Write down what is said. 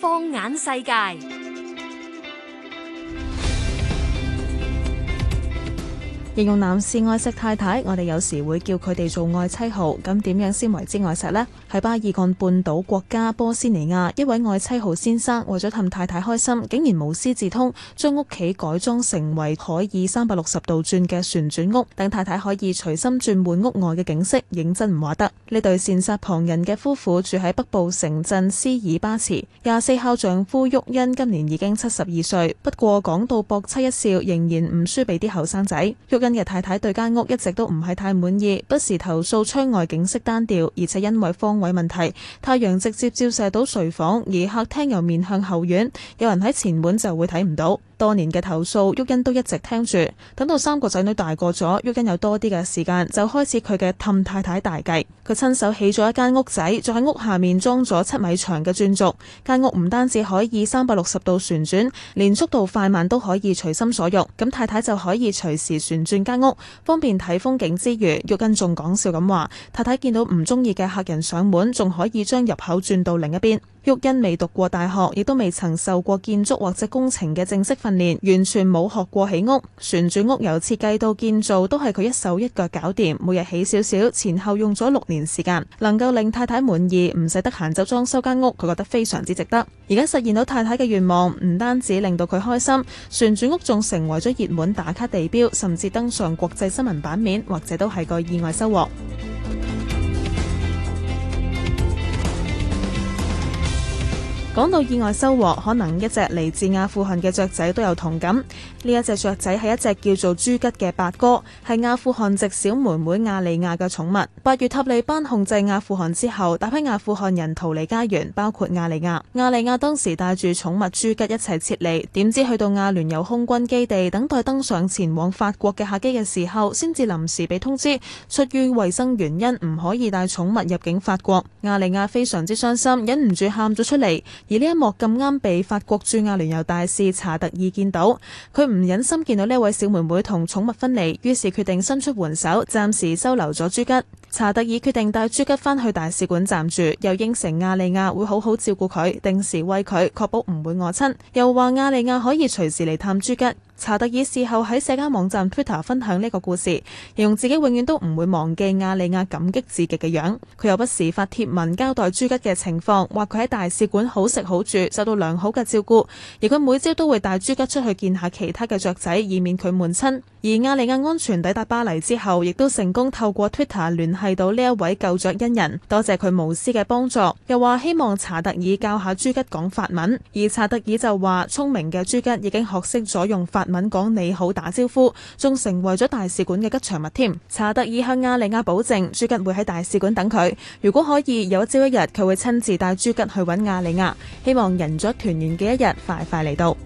放眼世界。形容男士愛錫太太，我哋有時會叫佢哋做愛妻號。咁點樣先為之愛錫呢？喺巴爾幹半島國家波斯尼亞，一位愛妻號先生為咗氹太太開心，竟然無師自通將屋企改裝成為可以三百六十度轉嘅旋轉屋，等太太可以隨心轉換屋外嘅景色，認真唔話得。呢對羨煞旁人嘅夫婦住喺北部城鎮斯爾巴茨，廿四孝丈夫沃恩今年已經七十二歲，不過講到博妻一笑，仍然唔輸俾啲後生仔。佢嘅太太對間屋一直都唔係太滿意，不時投訴窗外景色單調，而且因為方位問題，太陽直接照射到睡房，而客廳又面向後院，有人喺前門就會睇唔到。多年嘅投訴，郁欣都一直聽住。等到三個仔女大個咗，郁欣有多啲嘅時間，就開始佢嘅氹太太大計。佢親手起咗一間屋仔，就喺屋下面裝咗七米長嘅轉軸。間屋唔單止可以三百六十度旋轉，連速度快慢都可以隨心所欲。咁太太就可以隨時旋轉間屋，方便睇風景之餘，郁欣仲講笑咁話：太太見到唔中意嘅客人上門，仲可以將入口轉到另一邊。玉欣未讀過大學，亦都未曾受過建築或者工程嘅正式訓練，完全冇學過起屋。旋轉屋由設計到建造都係佢一手一腳搞掂，每日起少少，前後用咗六年時間，能夠令太太滿意，唔使得閒就裝修間屋，佢覺得非常之值得。而家實現到太太嘅願望，唔單止令到佢開心，旋轉屋仲成為咗熱門打卡地標，甚至登上國際新聞版面，或者都係個意外收穫。講到意外收穫，可能一隻嚟自阿富汗嘅雀仔都有同感。呢一隻雀仔係一隻叫做朱吉嘅八哥，係阿富汗籍小妹妹亞利亞嘅寵物。八月塔利班控制阿富汗之後，大批阿富汗人逃離家園，包括亞利亞。亞利亞當時帶住寵物朱吉一齊撤離，點知去到阿聯酋空軍基地等待登上前往法國嘅客機嘅時候，先至臨時被通知，出於衛生原因唔可以帶寵物入境法國。亞利亞非常之傷心，忍唔住喊咗出嚟。而呢一幕咁啱被法國駐阿聯酋大使查特爾見到，佢唔忍心見到呢位小妹妹同寵物分離，於是決定伸出援手，暫時收留咗朱吉。查特爾決定帶朱吉返去大使館暫住，又應承亞利亞會好好照顧佢，定時餵佢，確保唔會餓親。又話亞利亞可以隨時嚟探朱吉。查特爾事後喺社交網站 Twitter 分享呢個故事，形容自己永遠都唔會忘記亞利亞感激至極嘅樣。佢又不時發帖文交代朱吉嘅情況，話佢喺大使館好食好住，受到良好嘅照顧，而佢每朝都會帶朱吉出去見下其他嘅雀仔，以免佢悶親。而亞利亞安全抵達巴黎之後，亦都成功透過 Twitter 聯繫到呢一位救助恩人，多謝佢無私嘅幫助。又話希望查特爾教下朱吉講法文，而查特爾就話：聰明嘅朱吉已經學識咗用法文講你好打招呼，仲成為咗大使館嘅吉祥物添。查特爾向亞利亞保證，朱吉會喺大使館等佢。如果可以，有一朝一日佢會親自帶朱吉去揾亞利亞。希望人雀團圓嘅一日快快嚟到。